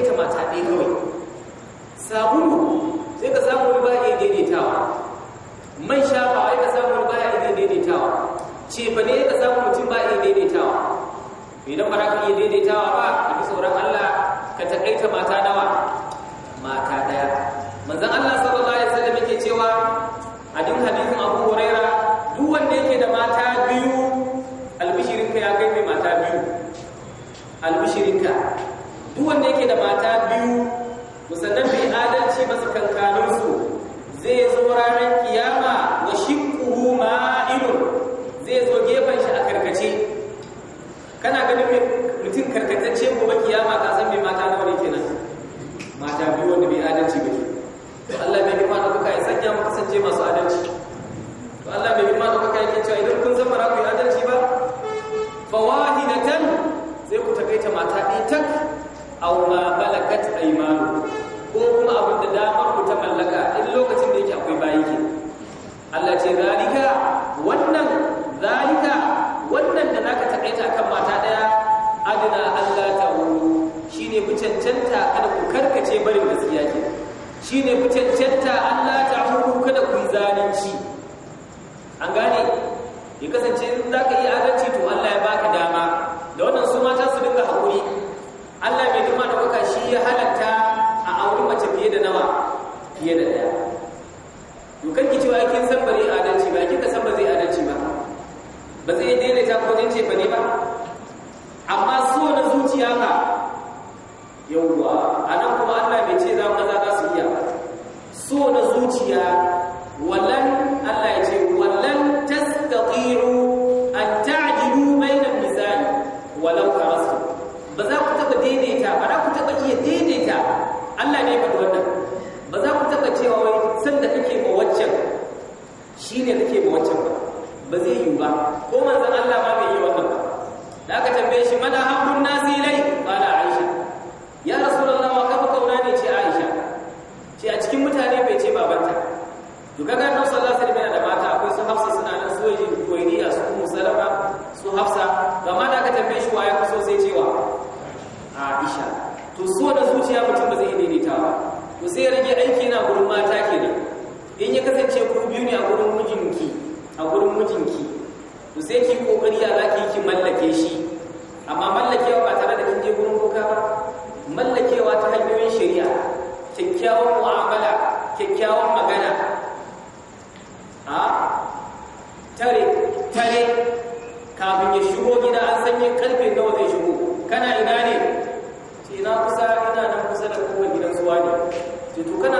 daidaita mata ɗaya kawai sabulu sai ka samu wani baya daidaitawa man shafa ai ka samu wani baya daidaitawa ce ba ne ka samu mutum ba baya daidaitawa Me na fara ka iya daidaitawa ba a bi sauran Allah ka takaita mata nawa mata daya manzon Allah sallallahu alaihi wasallam yake cewa a duk hadisin Abu Huraira duk wanda yake da mata duk wanda yake da mata biyu musannan bai adalci ba tsakankanin su zai zo ranar kiyama wa shiqquhu ma'ilun zai zo gefen shi a karkace kana ganin mutum karkace говорит, ну-ка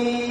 الْمُؤْمِنِينَ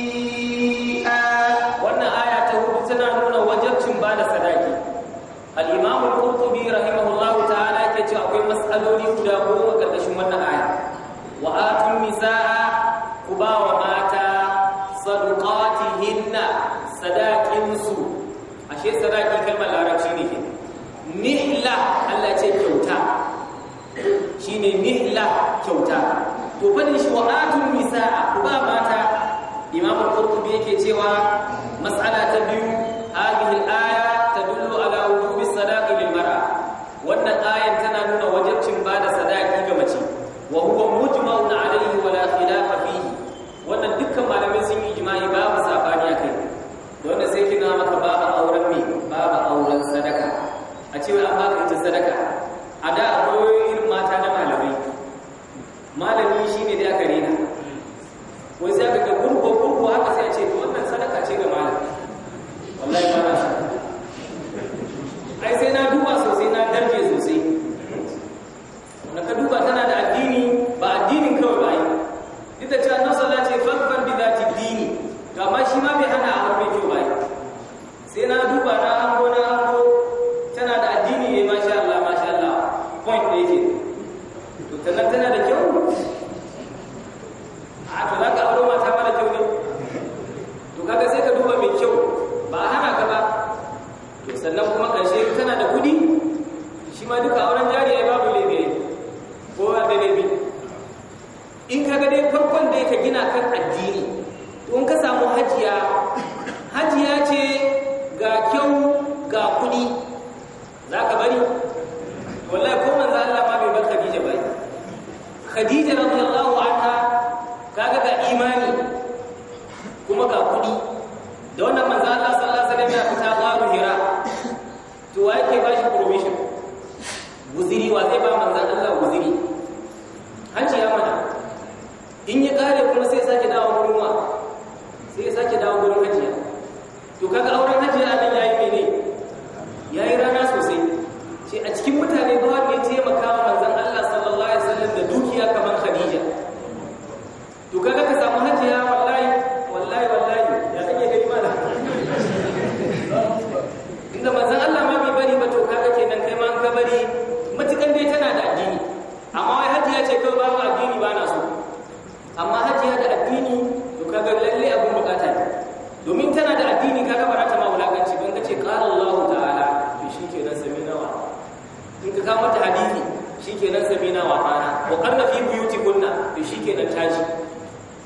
kare kuma sai sake dawo gurin wa sai sake dawo gurin hajiya to kaga auren hajiya abin yayi mene yayi rana sosai sai a cikin mutane ba da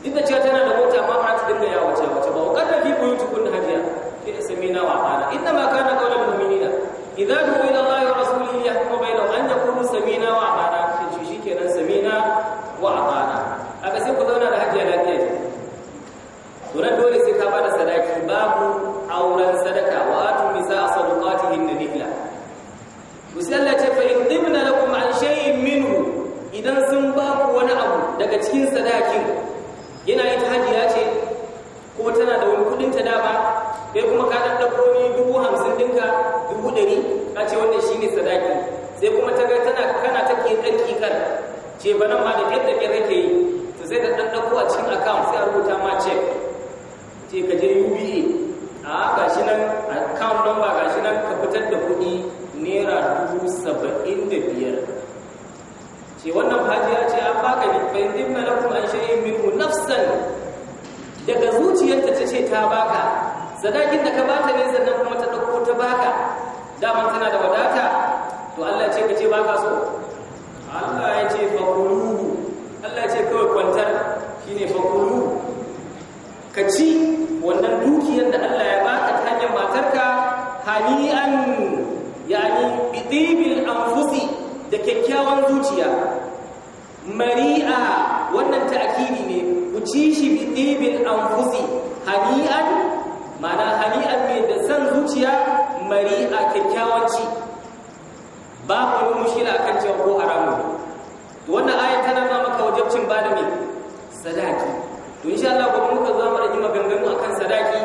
taji cewa tana da mota ma ba ta dinga yawo wace wace ba wakar da fi buyutu kun hajiya fi asamina wa ana inna ma kana qawlan mu'minina idza du'a ce ba nan ma da hani'a wannan ta'kidi ne ku ci shi bi dibil anfusi hani'an mana hani'an ne da san zuciya mari'a kyakkyawan ci ba ku yi mushkila akan cewa ko haramu wannan ayat tana ba maka wajibcin ba da me sadaki to insha Allah gobe muka zo mu rage maganganu akan sadaki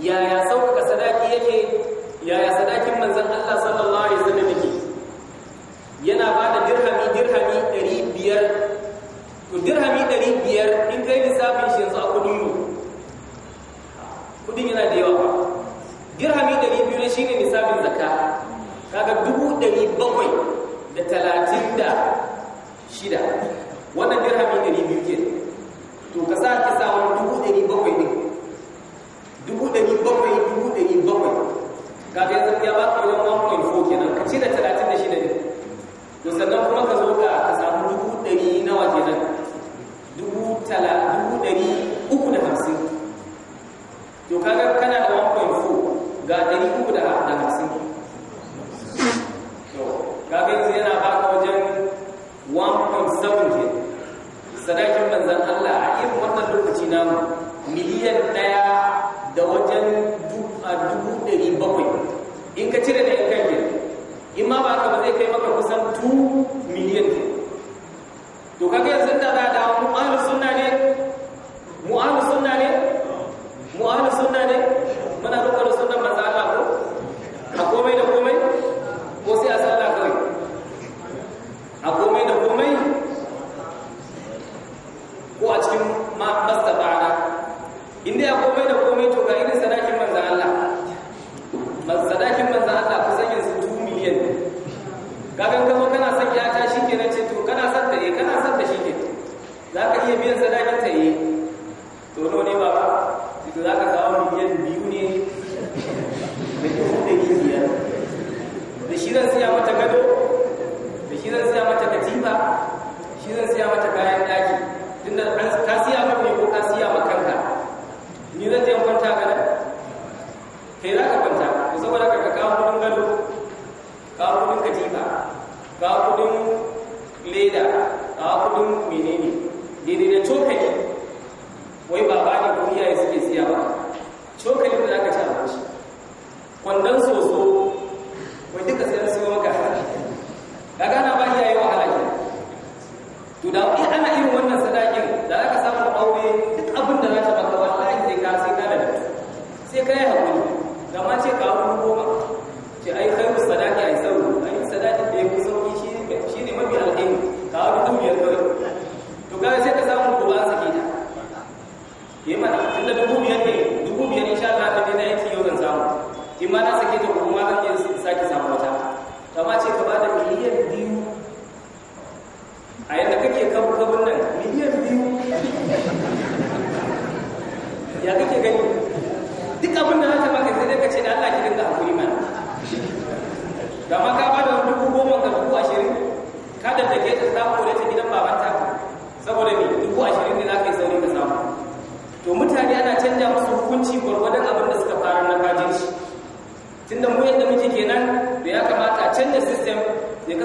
yaya sauka sadaki yake yaya sadakin manzon Allah sallallahu alaihi wasallam yake yana ba da dirhami dirhami 500 to dirhami ɗari biyar in kai lissafin shi yanzu a kudin mu kudin yana da yawa dirhami ɗari na shi ne lissafin zaka kaga dubu ɗari da talatin da shida wannan dirhami ɗari biyu ke to ka sa ki samu Okay.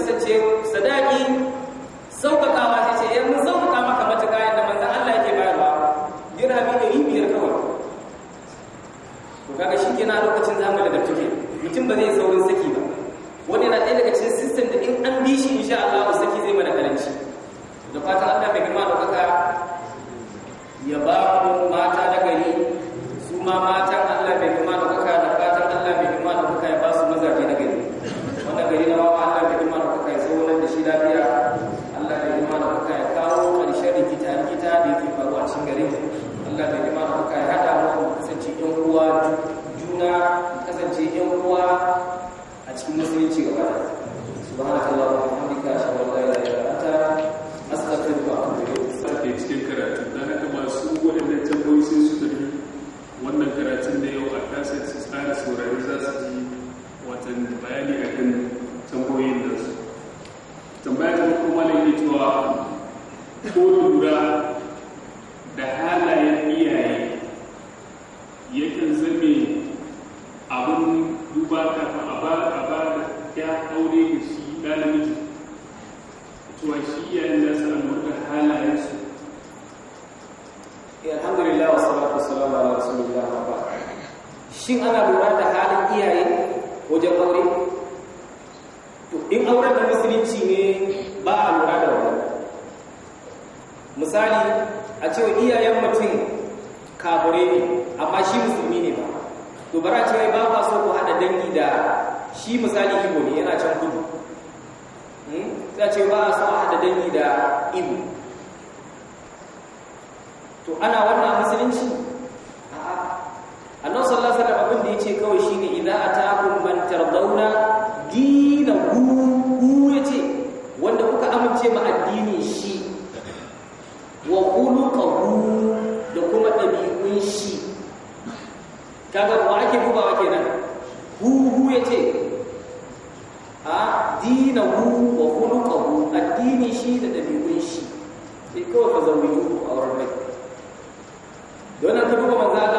kasance sadaki sauƙaƙawa ta ce yanzu eh, sauƙaƙa maka matuƙa yadda manzan Allah yake bayarwa dirhami da biyar kawai to kaga shi kenan lokacin zamu da tuke mutum ba zai saurin saki ba wani yana ɗaya daga cikin system da in an bi shi insha Allah to in auren da musulunci ne ba a lura da wani misali a cewa iyayen mutum kabure ne amma shi musulmi ne ba to bara ce ba ba so ku haɗa dangi da shi misali ibo ne yana can kudu hmm? sai ce ba a so a haɗa dangi da ibo to ana wannan musulunci A nan sallasa da abin da ya ce kawai shine a ta'akun bantar launa. ce ma addinin shi wa ƙuluƙahu da kuma ɗabi'un shi kaga wa ake dubawa kenan huhu ya ce a dinahu wa ƙuluƙahu addinin shi da ɗabi'un shi sai kawai ka zaune a wurin mai don an ta duba manzan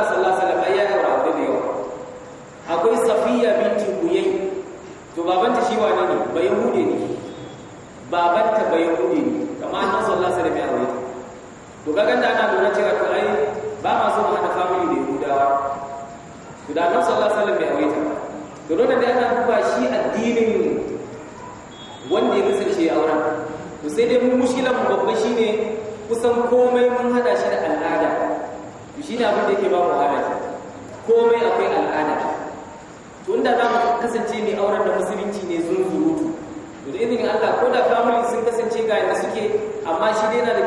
巴西队那里。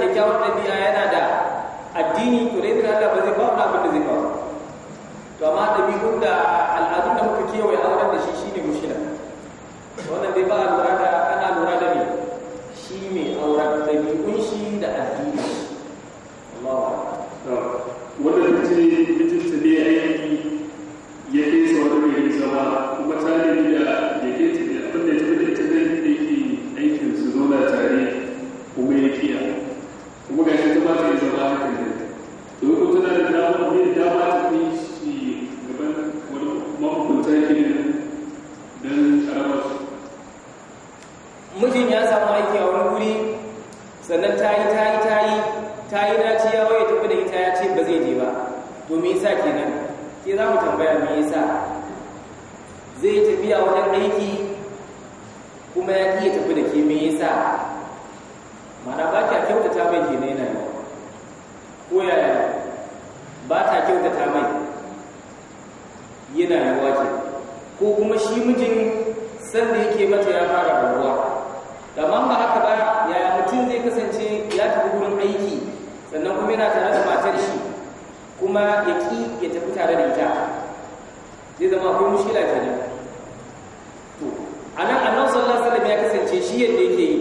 tafiyar da yake yi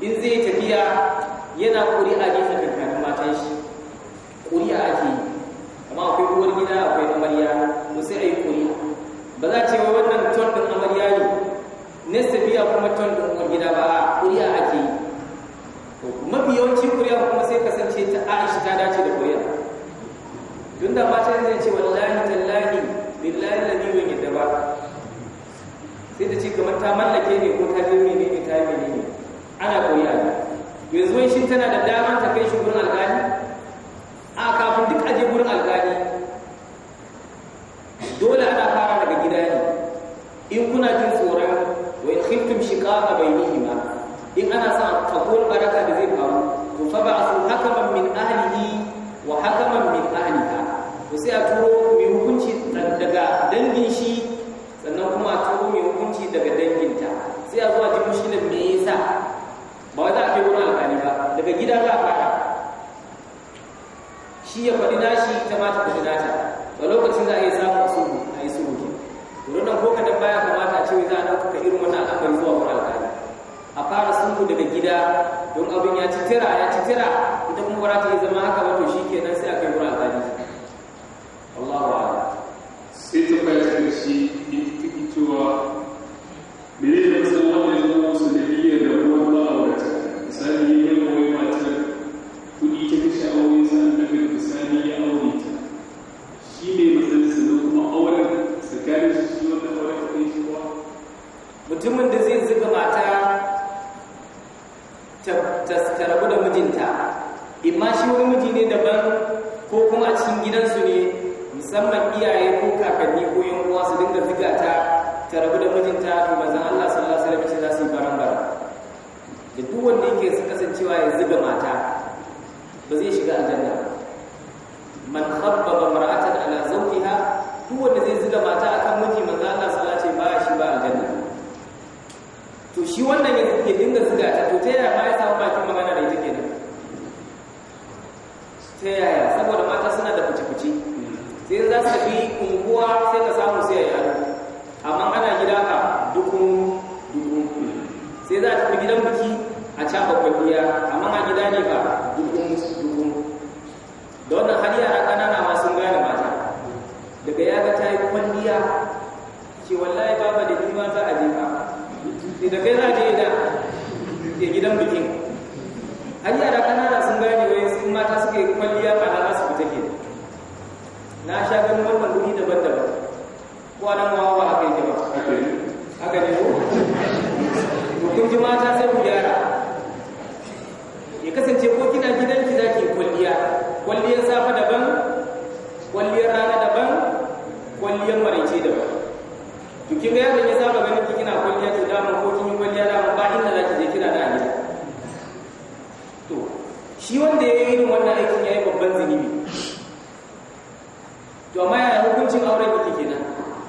in zai tafiya yana ƙuri'a ne tsakanin in kuna jin tsoron wa khiftum shiqa a bainihima in ana sa kabul baraka da zai faru to fa ba'athu hakaman min ahlihi wa hakaman min ahliha to sai a turo mai hukunci daga dangin shi sannan kuma a turo mai hukunci daga danginta sai a zuwa jin mushkilan me yasa ba wai za a kai wani alƙali ba daga gida za a fara shi ya faɗi nashi ta mata ta nata a lokacin za a yi ka irin wannan akan zuwa wurin alƙali a fara sulhu daga gida don abin ya ci tira ya ci tira ita kuma ba ta yi zama haka ba to shikenan sai a kai wurin alƙali Allahu Akbar sai ta fahimci shi take inda suga ta to ta ma ya samu bakin magana da ita kenan taya ya saboda mata suna da fice-fice sai za su tafi unguwa sai ka samu sai ya yi amma ana gida ka dukun dukun sai za a tafi gidan biki a can bakwai amma a gida ne ba kalmomi daban-daban ko nan wawa ba haka ko kun ji mata sai ku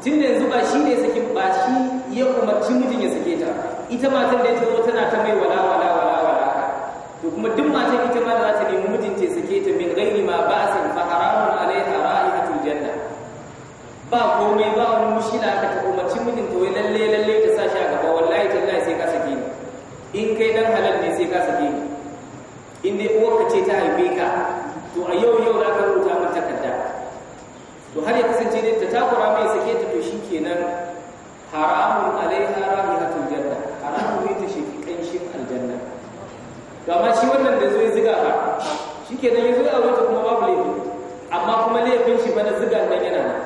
tun da yanzu ba shi ne saki ba shi ya umarci mijin ya sake ta ita matan da ta zo tana ta mai wala wala wala wala to kuma duk matan ita ma za ta nemi mijin ta sake ta min ghairi ma ba ba'sin fa haramun alaiha ra'ihatul janna ba komai ba wani mushi na aka ta umarci mijin wai lalle lalle ta sa shi a gaba wallahi tallahi sai ka sake ni in kai dan halal ne sai ka sake ni in dai uwarka ce ta haife ka to a yau yau za ka rubuta min takarda to har ya kasance ne ta takura mai kenan haramun alaiha rahihatul janna haramun ne ta sheki kanshin aljanna to amma shi wannan da zai ziga ba shikenan yazo a wuce kuma babu laifi amma kuma laifin shi bana ziga nan yana nan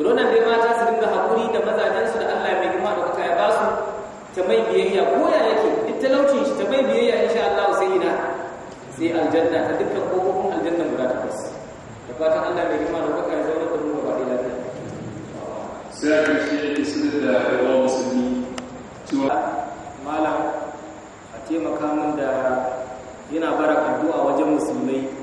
wannan dai mata su dinga hakuri da mazajen su da Allah mai girma da kuka ya ba su ta mai biyayya ko ya yake duk talaucin shi ta mai biyayya insha Allah sai ina sai aljanna ta dukkan kofofin aljanna guda takwas da fatan Allah mai girma da kuka sai a ƙarshe ke da yawa musulmi cewa malam a taimaka min da yana bara addu'a wajen musulmai